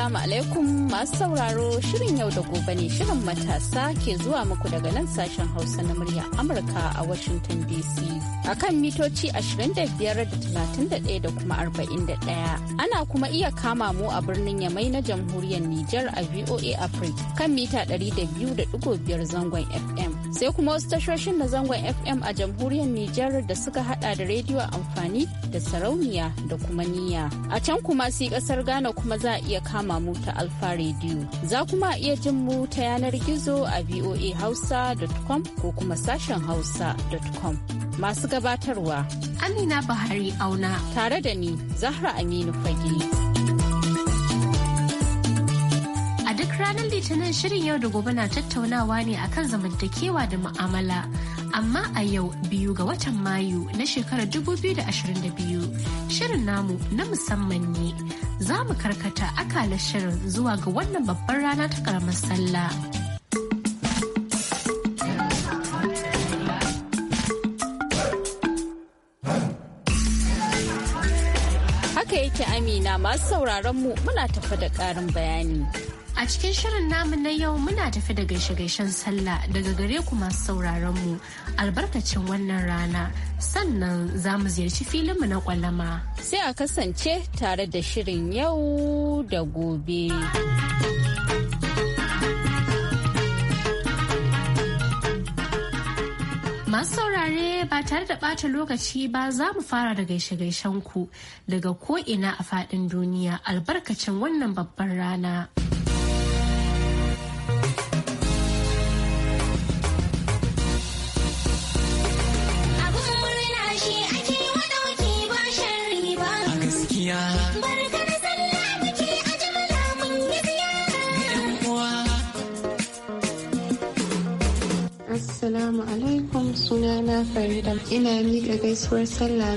Assalamu alaikum masu sauraro shirin yau da gobe ne shirin matasa ke zuwa muku daga nan sashen Hausa na murya Amurka a Washington DC. A kan mitoci 25.31 da kuma 41. Ana kuma iya kama mu a birnin Yamai na jamhuriyar Nijar a VOA Africa kan mita 200.5 zangon FM. sai kuma wasu tashoshin na zangon fm a jamhuriyar nijar da suka hada da rediyo amfani da sarauniya da kuma niya a can kuma si kasar ghana kuma za a iya kama mu ta alfa rediyo za kuma a iya jin mu ta yanar gizo a voa hausa.com ko kuma sashen hausa.com masu gabatarwa amina bahari auna tare da ni zahra aminu fage. Litinin shirin yau da gobe na tattaunawa ne akan zamantakewa da mu'amala. Amma a yau biyu ga watan Mayu na shekarar 2022 shirin namu na musamman ne. Za mu karkata akalar shirin zuwa ga wannan babbar rana ta karamar sallah. Haka yake Amina masu sauraron mu muna tafa da ƙarin bayani. A cikin shirin namu na yau muna tafi da gaishe-gaishen sallah daga gare ku masu sauraron mu albarkacin wannan rana sannan za mu ziyarci filinmu na kwalama. Sai a kasance tare da shirin yau da gobe. Masu saurare ba tare da ɓata lokaci ba za mu fara da gaishe-gaishen ku daga ko'ina a faɗin duniya albarkacin wannan babban rana. Assalamu alaikum sunana Farida. Ina miƙa gaisuwar sallah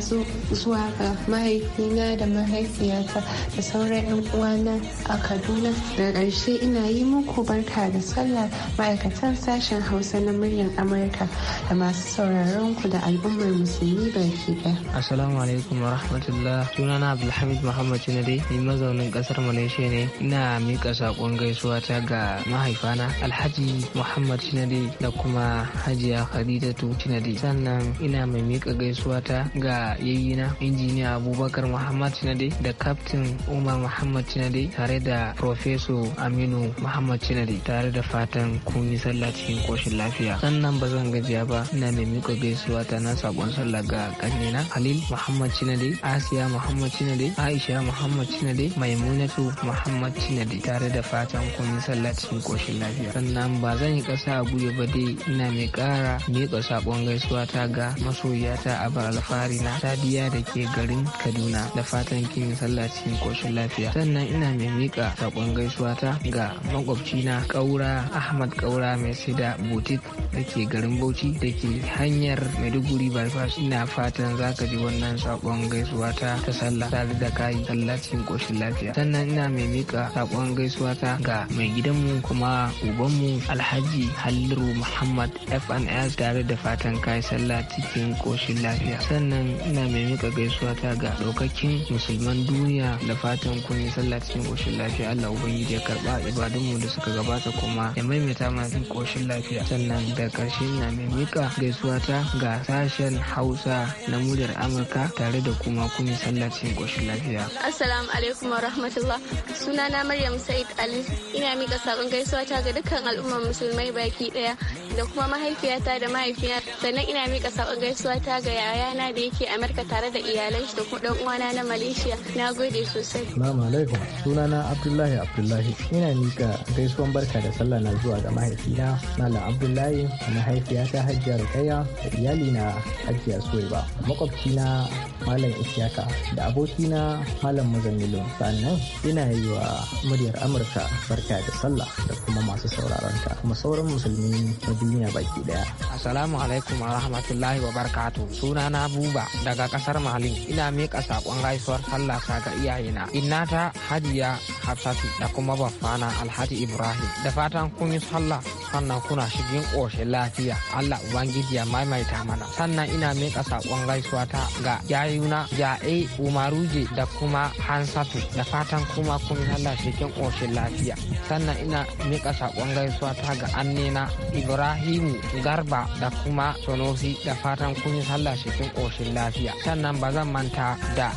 zuwa ga mahaifina da mahaifiyata da sauran 'yan uwana a Kaduna. Da ƙarshe ina yi muku barka da sallah ma'aikatan sashen Hausa na muryar Amurka da masu sauraron ku da al'ummar musulmi baki ɗaya. Assalamu alaikum wa rahmatullah. Sunana Abdulhamid Muhammad Chinade, ni mazaunin ƙasar Malaysia ne. Ina miƙa saƙon gaisuwa ta ga mahaifana Alhaji Muhammad Chinade da kuma Haji hajiya khadijatu tinadi sannan ina mai mika gaisuwa ta ga yayyina injiniya abubakar muhammad Tinade da kaftin umar muhammad Tinade tare da Professor aminu muhammad Tinade tare da fatan kun yi sallah cikin koshin lafiya sannan ba zan gajiya ba ina mai mika gaisuwa ta na sabon sallah ga kanina halil muhammad Tinade, asiya muhammad Tinade, aisha muhammad tinadi maimunatu muhammad Tinade tare da fatan kun yi sallah cikin koshin lafiya sannan ba zan yi kasa a guje ba dai ina mai kara yara miƙa saƙon gaisuwa ta ga masoyata a alfahari na sadiya da ke garin kaduna da fatan kin sallah cikin lafiya sannan ina mai miƙa saƙon gaisuwa ta ga makwabcina ƙaura ahmad ƙaura mai saida butik da ke garin bauchi da ke hanyar maiduguri bypass ina fatan za ka ji wannan saƙon gaisuwa ta ta sallah tare da kayi sallah koshin lafiya sannan ina mai miƙa saƙon gaisuwa ta ga mai gidanmu kuma ubanmu alhaji halliru muhammad fn Mu'az tare da fatan kai sallah cikin koshin lafiya. Sannan ina mai mika gaisuwa ta ga ɗaukakin musulman duniya da fatan kun yi sallah cikin koshin lafiya Allah Ubangiji ya ibadun mu da suka gabata kuma ya maimaita mana cikin koshin lafiya. Sannan da karshe ina mai mika gaisuwa ta ga sashen Hausa na muryar Amurka tare da kuma kun yi sallah cikin koshin lafiya. Assalamu alaikum wa rahmatullah. Sunana Maryam Said Ali. Ina mika sabon gaisuwa ta ga dukkan al'ummar musulmai baki ɗaya da kuma mahaifiyata da mahaifiya sannan ina mika sabon gaisuwa ta ga yayana da yake amurka tare da iyalai shi da kuma dan uwana na malaysia na gode sosai assalamu alaikum sunana abdullahi abdullahi ina mika gaisuwan barka da sallah na zuwa ga mahaifina malam abdullahi da mahaifiyata hajjiya rukaya da iyalina hajjiya suwaiba makwabcina malam isyaka da abokina malam muzammilu sannan ina yi wa muryar amurka barka da sallah da kuma masu sauraron ta kuma sauran musulmi duniya baki daya. Assalamu alaikum wa rahmatullahi wa barakatuh. Sunana Buba daga kasar mali Ina miƙa saƙon gaisuwar sallah ga iyayena. Innata Hajiya Hafsatu da kuma baffana Alhaji Ibrahim. Da fatan kun yi sallah sannan kuna shigin ƙoshin lafiya. Allah Ubangiji ya maimaita mana. Sannan ina miƙa saƙon gaisuwa ta ga yayuna Ja'e Umaruje da kuma Hansatu. Da fatan kuma kun yi sallah shigin ƙoshin lafiya. Sannan ina miƙa saƙon gaisuwa ta ga annena Ibrahim ibrahimu garba da kuma sonosi da fatan kun yi sallah cikin ƙoshin lafiya sannan ba zan manta da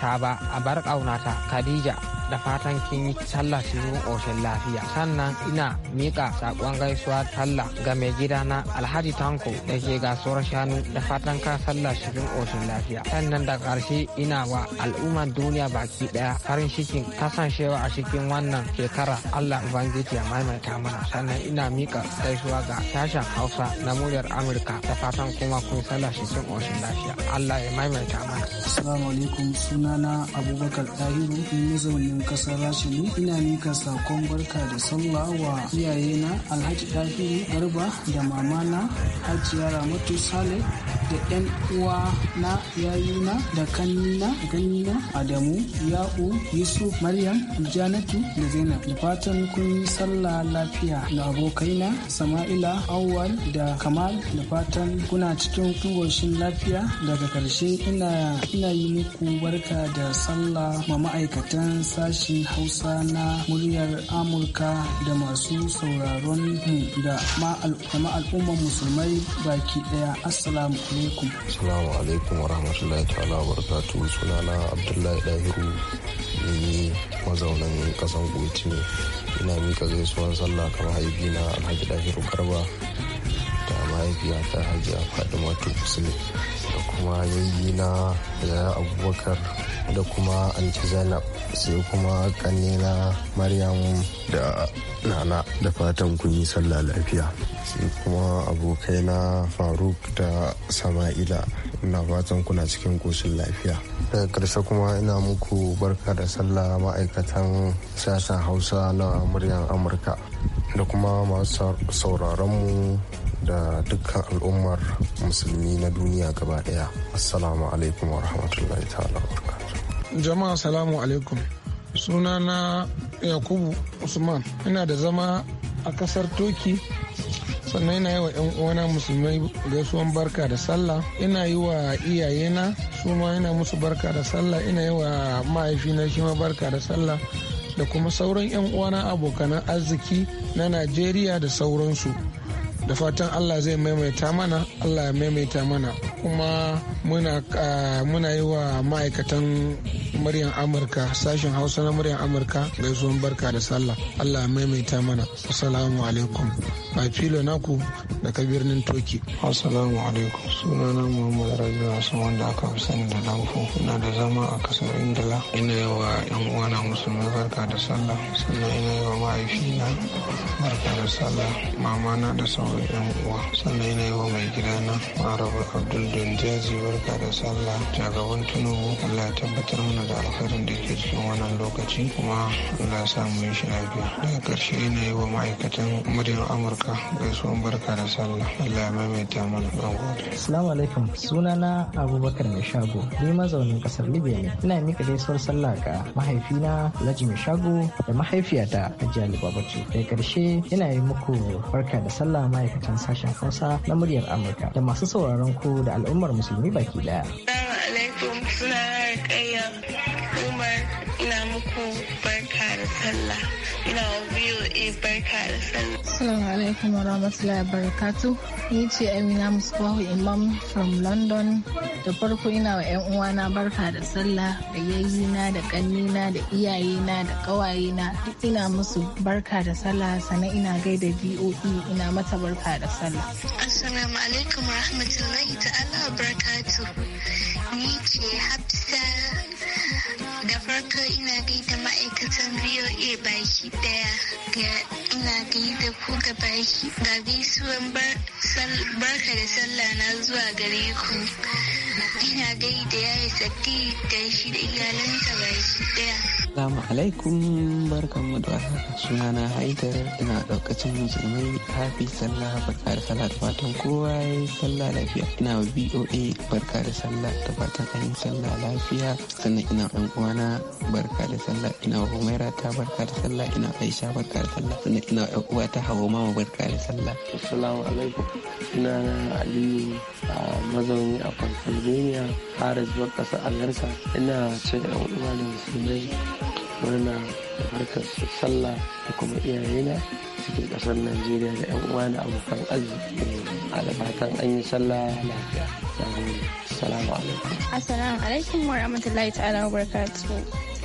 ta ba a bar ƙaunata khadija da fatan kin yi sallah cikin ƙoshin lafiya sannan ina miƙa saƙon gaisuwa sallah ga mai gida na alhaji tanko da ke gasuwar shanu da fatan ka sallah cikin ƙoshin lafiya sannan da ƙarshe ina wa al'ummar duniya baki ɗaya farin cikin kasancewa a cikin wannan shekara allah ubangiji ya maimaita mana sannan ina mika gaisuwa ga sashen hausa na muryar amurka da fatan kuma kun sallah cikin ƙoshin lafiya allah ya maimaita mana. assalamu alaikum sunana abubakar tahiru ni mazauni cikin ƙasar rashini ina mika sakon barka da sallah wa iyayena alhaji ɗahiru garba da mamana hajiya ramatu sale da yan uwa na yayuna da kanina ganina adamu ya'u yusuf maryam janatu da zainab da fatan kun yi sallah lafiya da abokaina sama'ila awwal da kamal da fatan kuna cikin kungoshin lafiya daga karshe ina yi muku barka da sallah ma ma'aikatan sa sashen Hausa na muryar Amurka da masu sauraron mu da ma al'ummar musulmai baki daya. Assalamu alaikum. Assalamu alaikum wa rahmatullahi ta'ala wa barakatuhu. Sunana Abdullahi Dahiru ne mazaunin kasan Kogi ne. Ina mika gaisuwar sallah kamar haifi na Alhaji Dahiru Garba da mahaifiyata Hajiya Fadimatu Musulmi da kuma yayi na Yaya Abubakar da kuma anti zainab sai kuma ƙannena maryam da nana da fatan kun yi sallah lafiya sai kuma abokaina faruk da sama'ila ina fatan kuna cikin koshin lafiya Da karshe kuma ina muku barka da sallah ma'aikatan sashen hausa na muryan amurka da kuma masu mu da dukkan al'ummar musulmi na duniya gaba daya assalamu alaikum wa rahmatullahi ta'ala Jama'a salamu alaikum. Sunana Yakubu Usman. Ina da zama a kasar Toki sannan ina yi wa 'yan uwana musulmai gaisuwan barka da sallah ina yi wa iyayena su ma ina musu barka da sallah ina yi wa mahaifina shi ma barka da sallah da kuma sauran 'yan uwana abokanan arziki na najeriya da sauransu da fatan allah zai maimaita mana allah ya maimaita mana kuma muna, ah, yi wa ma'aikatan muryan Amurka sashen Hausa na muryan Amurka gaisuwan barka da sallah. Allah maimaita mana. Assalamu alaikum. Ba filo naku da ka birnin Toki. Assalamu alaikum. Sunana Muhammad rajin wasu wanda aka fi sani da Danfo. Ina da zama a kasar Ingila. Ina yi wa 'yan uwana musulmi barka da sallah. Sannan ina yi wa mahaifina barka da sallah. Mama na da sauran 'yan uwa. Sannan ina yi wa mai gidana Marabu Abdul Donjazi barka da sallah. Jagaban tunubu Allah ya tabbatar mana da alkhairin da ke cikin wannan lokaci kuma Allah ya sa yi shi lafiya daga karshe ina yi wa ma'aikatan muryar amurka gaisuwan barka da sallah Allah ya maimaita mana don gobe assalamu alaikum sunana abubakar mai shago ni mazaunin kasar libya ne ina mika gaisuwar sallah ga mahaifina laji mai shago da mahaifiyata hajiya libabaci daga karshe ina yi muku barka da sallah ma'aikatan sashen hausa na muryar amurka da masu sauraron ku da al'ummar musulmi baki daya suna raya ƙarya alaikum barka da sallah. Ina wa VOA barka da sallah. Assalamu alaikum wa rahmatullahi wa barakatu. Ni ce Amina Musbahu Imam from London. Da farko ina wa 'yan uwana barka da sallah da yayyina da kannina da iyayena da ƙawayena duk ina musu barka da sallah sannan ina gaida VOA e, ina mata barka da sallah. Assalamu alaikum wa rahmatullahi ta'ala wa barakatu. Ni ce Hafsa Da farko ina gaida ma'aikatan VOA baki daya ga ina gaida ku ga baki ga gaisuwan barka da sallah na zuwa gare ku. ina gai da yaya sati da shi da iyalansa shi daya Assalamu alaikum mu da haka na Haidar ina daukacin musulmai hafi sallah barka da sallah da fatan kowa ya yi sallah lafiya ina wa BOA barka da sallah da fatan an yi sallah lafiya sannan ina ɗan uwana barka da sallah ina wa Humaira ta barka da sallah ina Aisha barka da sallah sannan ina wa uwa ta Hawa mama barka da sallah Assalamu alaikum ina Aliyu a pennsylvania har zuwa ƙasar alarsa ina ce da yan uwa da musulmai murna da harkar sallah da kuma iyayena cikin ƙasar najeriya da yan uwa da abokan arziki a da fatan an yi sallah lafiya assalamu alaikum assalamu alaikum wa rahmatullahi ta'ala wa barakatuhu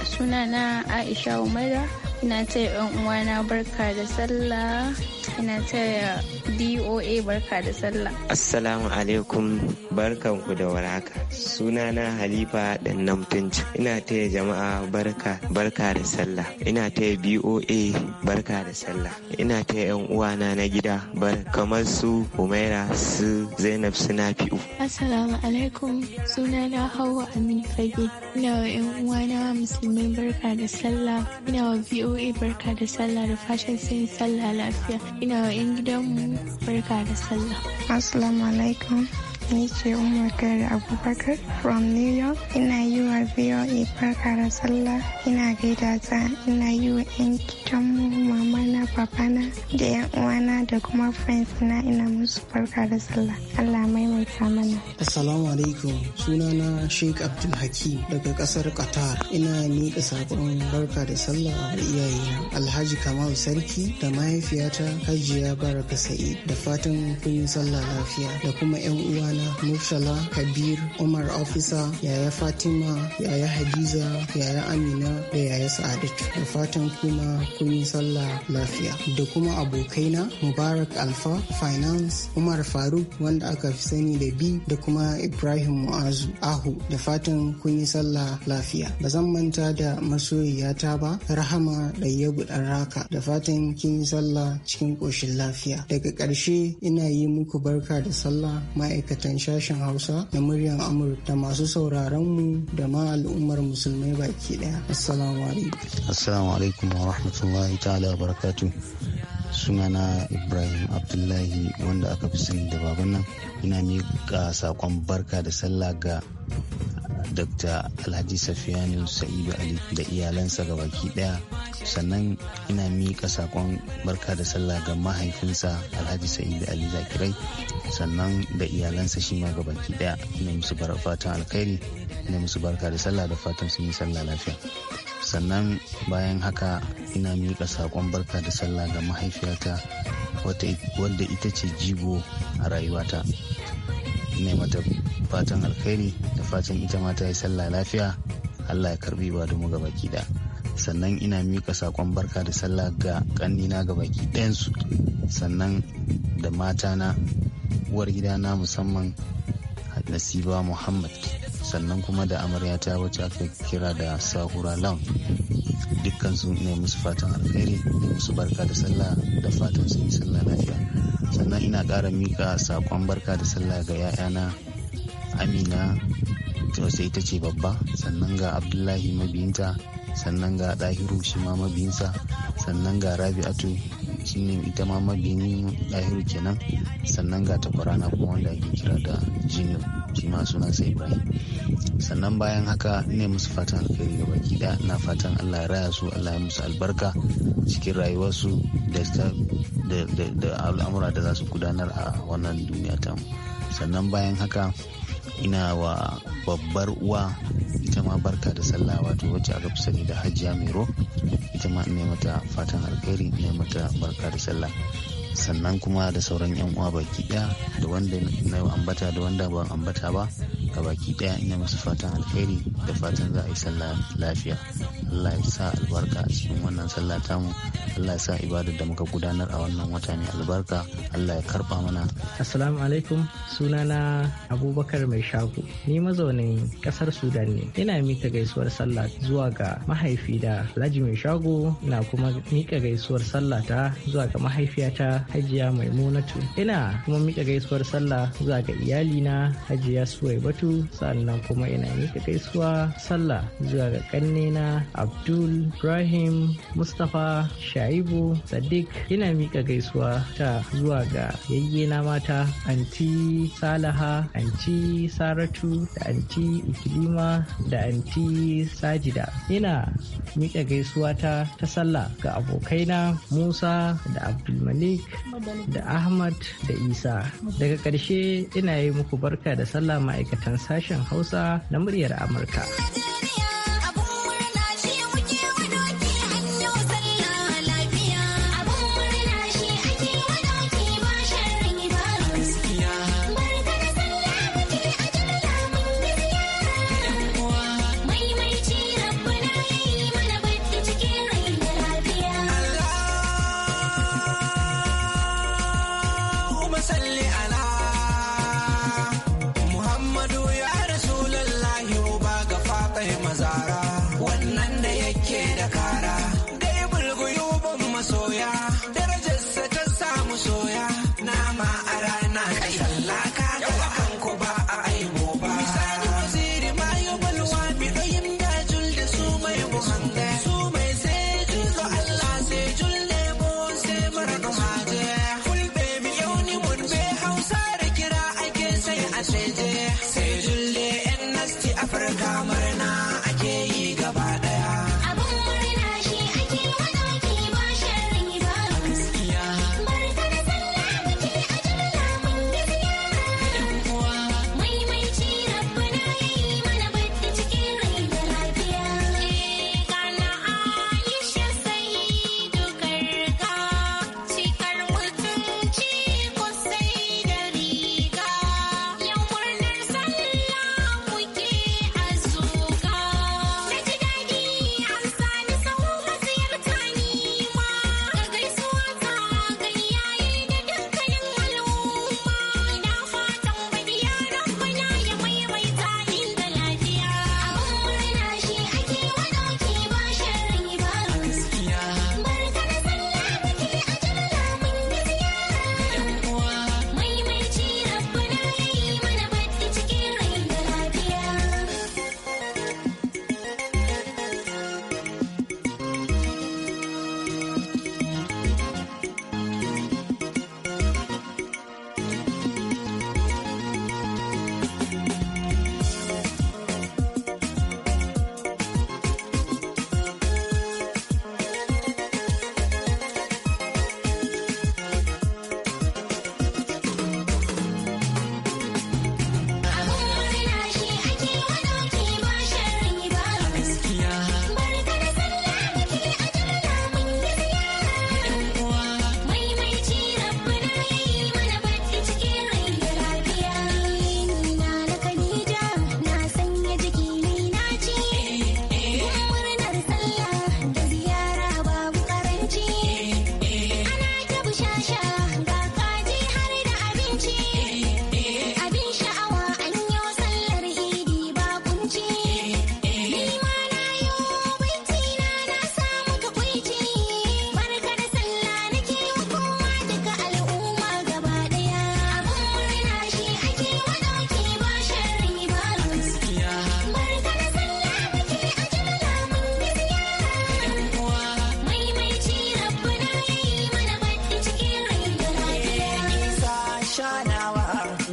sunana aisha umaira ina ta yan uwana barka da sallah ina taya DOA barka da sallah. Assalamu alaikum barkanku da waraka, Sunana Halifa dan Namtunci. Ina taya jama'a barka barka da sallah. Ina taya BOA barka da sallah. Ina taya yan uwana na gida bar kamar su Umaira su Zainab su Nafi'u. Assalamu alaikum. Sunana Hauwa Amin Fage. Ina wa yan uwana musulmai barka da sallah. Ina wa BOA BOA barka da sallah da fashin sai sallah lafiya. Ina wa 'yan gidanmu barka da sallah. Assalamu alaikum. ni ce umar gari abubakar from new york ina yi wa voa e barka da sallah ina gaida ta ina yi wa yanki Mama na mamana na da yan uwana da kuma friends na ina musu barka da sallah allah maimaita mana assalamu alaikum sunana sheikh abdulhakim daga kasar qatar ina miƙa saƙon barka da sallah iyaye iyayena alhaji kamal sarki da mahaifiyata hajiya baraka sa'id da fatan kun yi sallah lafiya da kuma yan uwana murtala kabir umar ofisa yaya fatima yaya hadiza yaya amina da yaya sa'adatu da fatan kuma kunyi sallah lafiya da kuma abokaina mubarak alfa finance umar faruk wanda aka fi sani da bi da kuma ibrahim mu'azu ahu da fatan kunyi sallah lafiya ba zan manta da masoyiyata ba rahama ɗayyabu ɗan raka da fatan kin yi sallah cikin ƙoshin lafiya daga ƙarshe ina yi muku barka da sallah ma'aikatan sashen hausa na muryar amurka masu sauraron mu da ma al'ummar musulmai baki ɗaya assalamu alaikum assalamu alaikum wa rahmatullahi rahmatullahi ta'ala barakatu na ibrahim abdullahi wanda aka fi sani da baban nan ina miƙa saƙon barka da sallah ga dr alhaji safiyani sa'idu ali da iyalansa ga baki daya sannan ina miƙa saƙon barka da sallah ga mahaifinsa alhaji sa'idu ali zakirai sannan da iyalansa shi ma ga baki daya ina musu fatan alkhairi ina musu barka da sallah da fatan sun yi sallah lafiya sannan bayan haka ina miƙa saƙon barka da sallah ga mahaifiyata wadda ita ce jigo a rayuwata ina mata fatan alkhairi da fatan ita ma ta yi sallah lafiya allah ya karbi ba mu baki da sannan ina miƙa saƙon barka da sallah ga ƙannina ga baki ɗayansu sannan da mata na uwar na musamman nasiba muhammad sannan kuma da amaryata wacce aka kira da sahura lam dukkan su ne musu fatan alkhairi da musu barka da sallah da fatan sun yi sallah lafiya sannan ina ƙara mika saƙon barka da sallah ga 'ya'yana amina wasu ita ce babba sannan ga abdullahi mabiyinta sannan ga ɗahiru shi ma mabiyinsa sannan ga rabi'atu shi ita ma mabini ɗahiru kenan sannan ga takwarana kuma wanda ake kira da jini shi ma sa ibrahim sannan bayan haka ne musu fatan alkhairi ga baki da na fatan allah ya raya su allah ya musu albarka cikin rayuwarsu da al'amura da za su gudanar a wannan duniya ta sannan bayan haka ina wa babbar uwa kuma barka da sallah wato wacce aka fi sani da hajiya mero ita ma ne mata fatan alkhairi ne mata barka da sallah sannan kuma da sauran yan uwa baki daya da wanda na ambata da wanda ban ambata ba ga baki daya ina masu fatan alkairi da fatan za a yi sallah lafiya Allah ya sa albarka a cikin wannan sallah mu. Allah ya sa ibadar da muka gudanar a wannan wata ne albarka Allah ya karba mana Assalamu alaikum sunana Abubakar mai shago ni mazaunin kasar Sudan ne ina mika gaisuwar sallah zuwa ga mahaifi da Laji mai shago na kuma mika gaisuwar sallah ta zuwa ga mahaifiyata Hajiya Maimunatu ina kuma mika gaisuwar sallah zuwa ga iyali na Hajiya Suwaibatu sannan kuma ina mika gaisuwa sallah zuwa ga na abdul ibrahim mustapha shaibu sadiq ina miƙa gaisuwa ta zuwa ga yayye na mata anti salaha anti saratu da anti ikilima da anti sajida ina miƙa gaisuwa ta ta sallah ga abokaina musa da abdulmalik da ahmad da isa daga ƙarshe ina yi muku barka da sallah ma'aikatan sashen hausa na muryar amurka.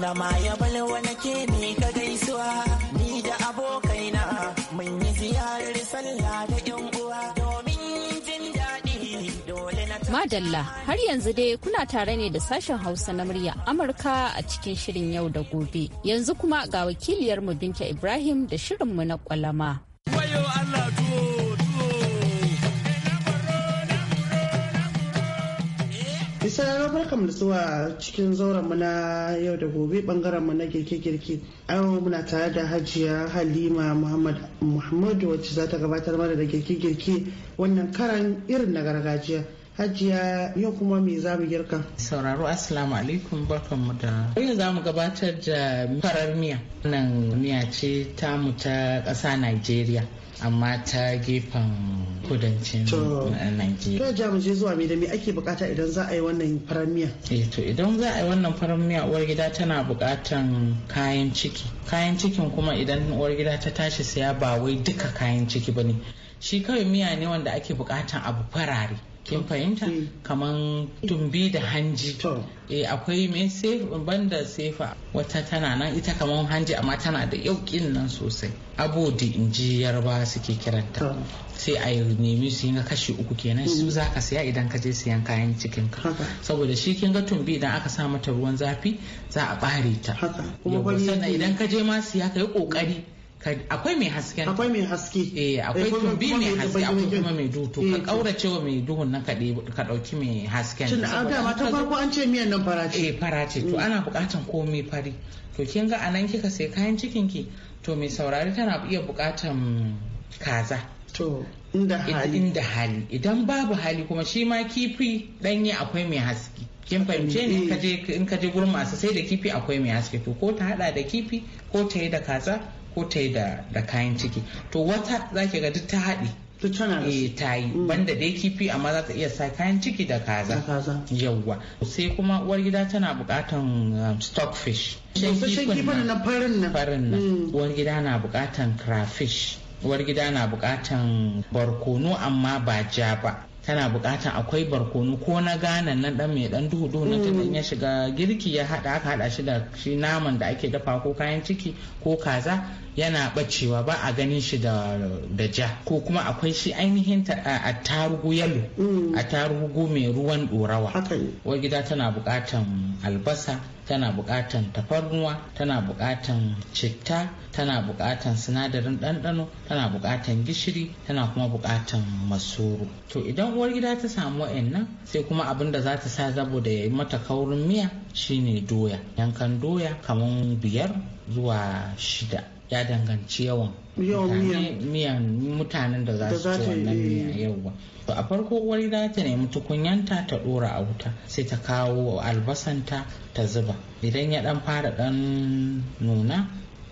na ma ya balwa nake ne ka gaisuwa ni da abokaina mun yi ziyarar sallah da yan uwa domin jin daɗi dole na madalla har yanzu dai kuna tare ne da sashen hausa na murya amurka a cikin shirin yau da gobe yanzu kuma ga wakiliyarmu binta ibrahim da shirin mu na kwalama. Allah Bisararwa barkam da zuwa cikin zauren mu na yau da gobe bangaren mu na girke-girke. An muna tare da hajiya Halima Muhammad Muhammadu wacce za ta gabatar mana da girke-girke wannan karan irin na gargajiya. Hajiya yau kuma me za mu girka? Sauraro Assalamu alaikum mu da. Yau za mu gabatar da farar miya. Nan miya ce tamu ta ƙasa Najeriya. amma ta gefen kudancin Najeriya. Ta mu zuwa mai da me ake bukata idan za a yi wannan farar miya? Eh to idan za a yi wannan farar miya uwar gida tana bukatan kayan ciki. Kayan cikin kuma idan uwar gida ta tashi saya ba wai duka kayan ciki bane. Shi kawai miya ne wanda ake bukatan abu farare. kin fahimta mm. kaman tumbi da hanji e akwai mai sefa banda sefa wata tana nan ita kaman hanji amma tana da yaukin nan sosai abodi in ji yarba suke kiranta sai a nemi su ga kashi uku kenan su mm. za ka siya idan ka je siyan kayan cikin ka saboda shi kin ga tumbi idan aka sa mata ruwan zafi za a bare ta sannan idan ka je ma siya ka yi kokari akwai mai haske akwai mai haske eh akwai eh, tumbi mai haske akwai kuma mai duto eh, ka kaurace wa mai duhun nan ka dauki mai hasken shin a dama ta farko an ce miyan nan farace eh farace to mm. ana bukatan komai fari to kin ga anan kika sai kayan cikin ki to mai saurari tana iya bukatan kaza to inda hali inda hali idan babu hali kuma shi ma kifi danye akwai mai haske kin fahimce ne eh. in ka je gurin masu sai da kifi akwai mai haske to ko ta hada da kifi ko ta yi da kaza ko ta yi da kayan ciki to wata za ki ga duk ta haɗi ta tana da eh, su. ta yi mm. banda dai kifi amma za ta iya sa kayan ciki da kaza yawwa sai kuma uwar gida tana bukatan um, stockfish kifin na farin nan farin nan mm. uwar gida na bukatan crayfish uwar na bukatan barkono amma ba ja ba tana bukatan akwai barkono ko na ganan na dan mai dan duhu duhu na tunan ya shiga girki ya hada aka hada shi da shi naman da ake dafa ko kayan ciki ko kaza yana bacewa ba a ganin shi da ja ko kuma akwai shi ainihin a tarugu yalo mm. a tarugu mai ruwan dorawa wai gida tana bukatan albasa tana bukatan tafarnuwa tana bukatan citta tana bukatan sinadarin ɗanɗano tana bukatan gishiri tana kuma bukatan masoro to idan uwar gida ta samu wa'annan sai kuma abin da za ta sa zabo da ya yi mata kaurin miya shine doya yankan doya kaman biyar zuwa shida ya danganci yawan miyan mutanen da za su ci wannan eh. miya ba to a farko wani za ta nemi tukunyanta ta dora a wuta sai ta kawo albasanta ta zuba idan ya dan fara dan nuna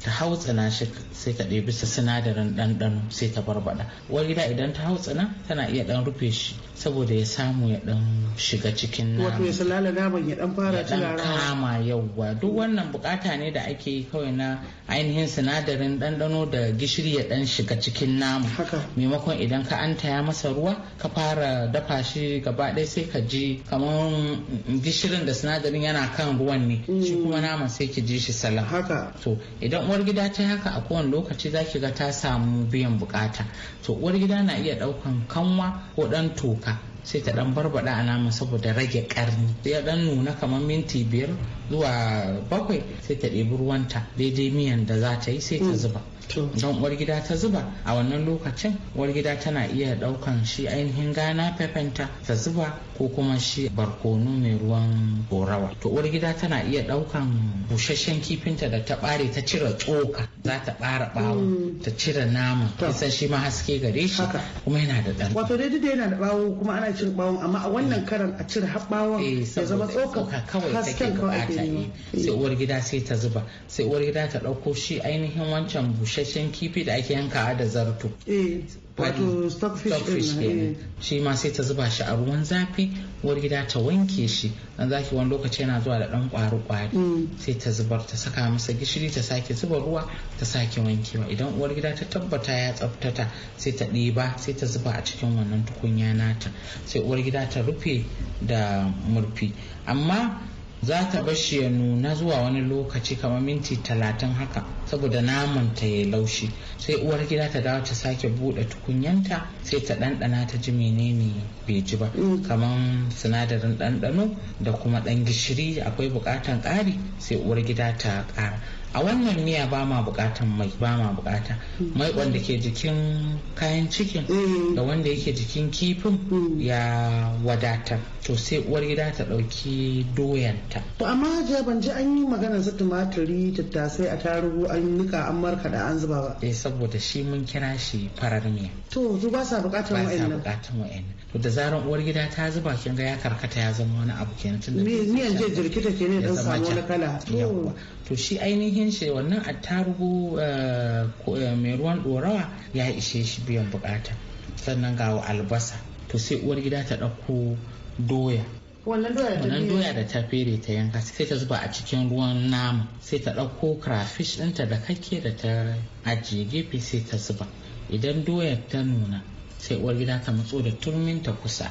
ta hautsana shi sai ta ɗebi sinadarin ɗanɗano sai ta barbada wani da idan ta hautsana tana iya ɗan rufe shi saboda ya samu ya ɗan shiga cikin wato ya salala naman ya ɗan fara ya kama yauwa duk wannan bukata ne da ake kawai na ainihin sinadarin ɗanɗano da gishiri ya ɗan shiga cikin nama maimakon idan ka an taya masa ruwa ka fara dafa shi gaba ɗaya sai ka ji kamar gishirin da sinadarin yana kan ruwan ne shi mm. kuma naman sai ki ji shi salam haka to idan uwar gida ta haka a kowane lokaci za ga ta samu biyan bukata to uwar gida na iya daukan kanwa ko dan toka sai ta dan barbada a nama saboda rage karni ya dan nuna kamar minti biyar zuwa bakwai sai ta ɗebi ruwanta daidai miyan da za ta yi sai ta mm. zuba don uwar ta zuba a wannan lokacin uwar tana iya daukan shi ainihin gana pepenta ta zuba ko kuma shi barkono mai ruwan gorawa to uwar tana iya daukan busasshen kifinta da ta bare ta cire tsoka za ta bara bawo hmm. ta cire nama kisan shi ma haske gare shi kuma yana da ɗan wato dai da yana da bawo kuma ana cin bawon amma a wannan eh. karan a cire har bawon eh, ya zama tsoka kawai take bukata ne sai uwar gida sai ta zuba sai uwar gida ta ɗauko shi ainihin wancan busasshen kifi da ake yankawa da zarto eh. wato stockfish kenan eh. shi ma sai ta zuba shi a ruwan zafi wani gida ta wanke shi dan zaki wani lokaci yana zuwa da dan kwari kwari mm. sai ta zubar ta saka masa gishiri ta sake zuba ruwa ta sake wankewa idan uwar gida ta tabbata ya tsaftata sai ta ɗiba sai ta zuba a cikin wannan tukunya nata sai uwar gida ta rufe da murfi amma za ta shi ya nuna zuwa wani lokaci kamar minti talatin haka saboda naman ta ya laushi sai uwar gida ta dawo ta sake buɗe tukunyanta sai ta ɗanɗana ta ji menene bai ji ba mm. Kaman sinadarin ɗanɗano da kuma ɗan gishiri akwai buƙatan ƙari sai uwar gida ta ƙara a wannan miya ba ma bukatan mai ba ma bukata mm. mai wanda ke jikin kayan cikin mm. da wanda yake jikin kifin ya wadata to sai uwar gida ta dauki doyanta to amma hajiya ban ji an yi magana su tumaturi tattasai a tarugu an nika an markada an zuba ba eh, saboda shi mun kira shi farar miya to su ba sa bukatan wa'annan ba sa bukatan to da zaran uwar gida ta zuba kin ga ya karkata ya zama wani abu kenan tunda miyan je jirkita ne dan samu wani kala to shi ainihin shi wannan attarugu eh, eh, mai ruwan dorawa ya ishe shi biyan bukata sannan ga albasa to sai uwar gida ta ɗauko doya wannan doya da ta fere ta yanka sai ta zuba a cikin ruwan nama sai ta ɗauko crayfish ɗinta da kake da ta ajiye gefe sai ta zuba idan doya ta nuna sai uwar gida ta matso da turmin ta kusa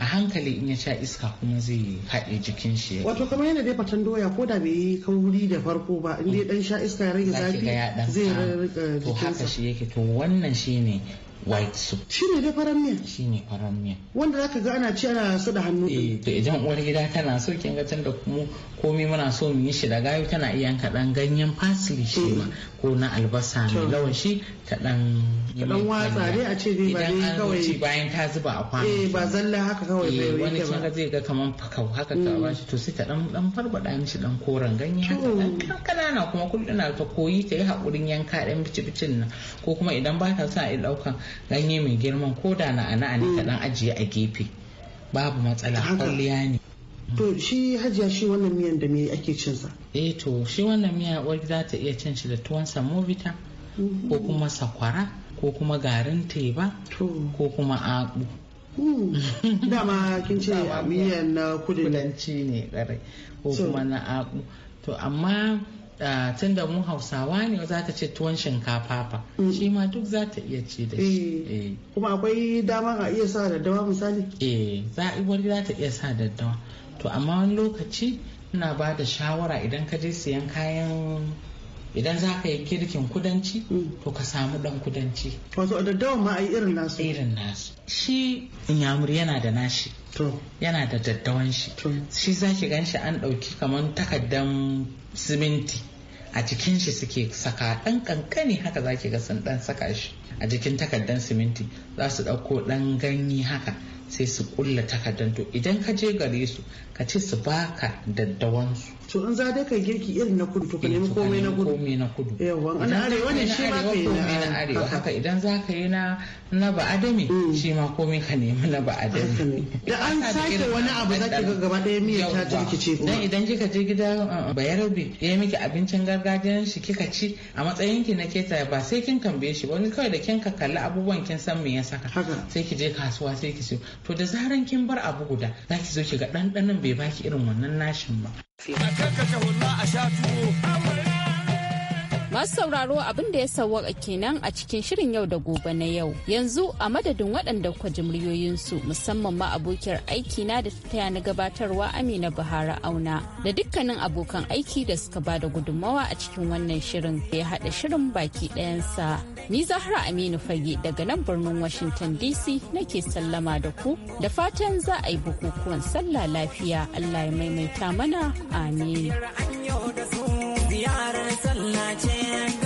a hankali in ya sha iska kuma zai haɗe jikin shi wato kamar yana dai fatan doya ko da bai yi kauri da farko ba in dai dan sha iska ya rage zafi zai rage to haka shi yake to wannan shine white soup shi ne dai faran miya shi ne faran miya wanda zaka ga ana ci ana su da hannu eh to idan uwar gida tana so kin ga tunda kuma komai muna so mu yi shi da gayo tana iya yanka ganyen parsley shi ma ko na albasa mai laushi ta dan dan watsa dai a ce dai ba dai kawai bayan ta zuba a kwano eh ba zalla haka kawai eh, bai wani kin zai ga kaman fakau haka ta mm. ba shi to sai ta dan dan farbada mishi dan koren ganye haka dan na kuma kullun ta koyi ta yi hakurin yanka dan bicibicin nan ko kuma idan ba ta sa a daukan ganye mai girman ko da na ana ne ta dan mm. ajiye a gefe babu matsala kulliya ne to shi hajiya shi wannan miyan da me ake cin sa eh to shi wannan miya wani za ta iya cin shi da tuwon samovita ko mm-hmm. kuma sakwara ko kuma garin teba ko kuma abu. Mm. dama kin ce miyan na kudanci ne dare. ko kuma na abu to amma Uh, tun da mu hausawa ne za ta ce tuwon shinkafa fa mm. shi ma duk za ta iya ci da shi eh. Eh. kuma akwai dama a iya sa daddawa misali eh za a iya sa daddawa to amma wani lokaci ina ba da shawara idan ka je siyan kayan idan za ka yi kirkin kudanci mm. to ka samu dan kudanci wato daddawa ma a yi irin nasu irin nasu shi nyamur yana da nashi To yana da daddawan shi shi za shi gan shi an ɗauki kamar takaddan siminti a cikin shi suke saka ɗan kankani haka za ki ga sun ɗan saka shi a jikin takaddan siminti za su ɗauko ɗan ganye haka sai su kulla takardar to idan ka je gare su ka ce su baka daddawansu to in za dai ka girki irin na kudu to ka nemi komai na kudu komai na kudu yawa an arewa ne shi ma kai na arewa haka idan za ka yi na na ba adami mm. shi ma komai ka nemi na ba adami da an sake wani abu za ka ga gaba daya miya ta jirkice kuma dan idan kika je gida uh, uh, bayarabe ya miki abincin gargajiyan shi kika ci a matsayin ki na keta ba sai kin tambaye shi wani kawai da kin ka kalli abubuwan kin san me ya saka sai ki je kasuwa sai ki siyo to da zaran kin bar abu guda za ki zo ki ga ɗanɗanon bai baki irin wannan nashin ba A kanka ka hulla a sha tuwo. Masu sauraro abin da ya sawwaka kenan a cikin shirin yau da gobe na yau. Yanzu a madadin waɗanda kwa muryoyinsu musamman ma abokiyar aiki na da taya na gabatarwa Amina buhari Auna da dukkanin abokan aiki da suka ba da gudunmawa a cikin wannan shirin ya haɗa shirin baki ɗayansa. Ni Zahra Aminu Fage daga nan birnin Washington DC nake sallama da ku da fatan za a yi bukukuwan sallah lafiya Allah ya maimaita mana amin. Yaran sallace ce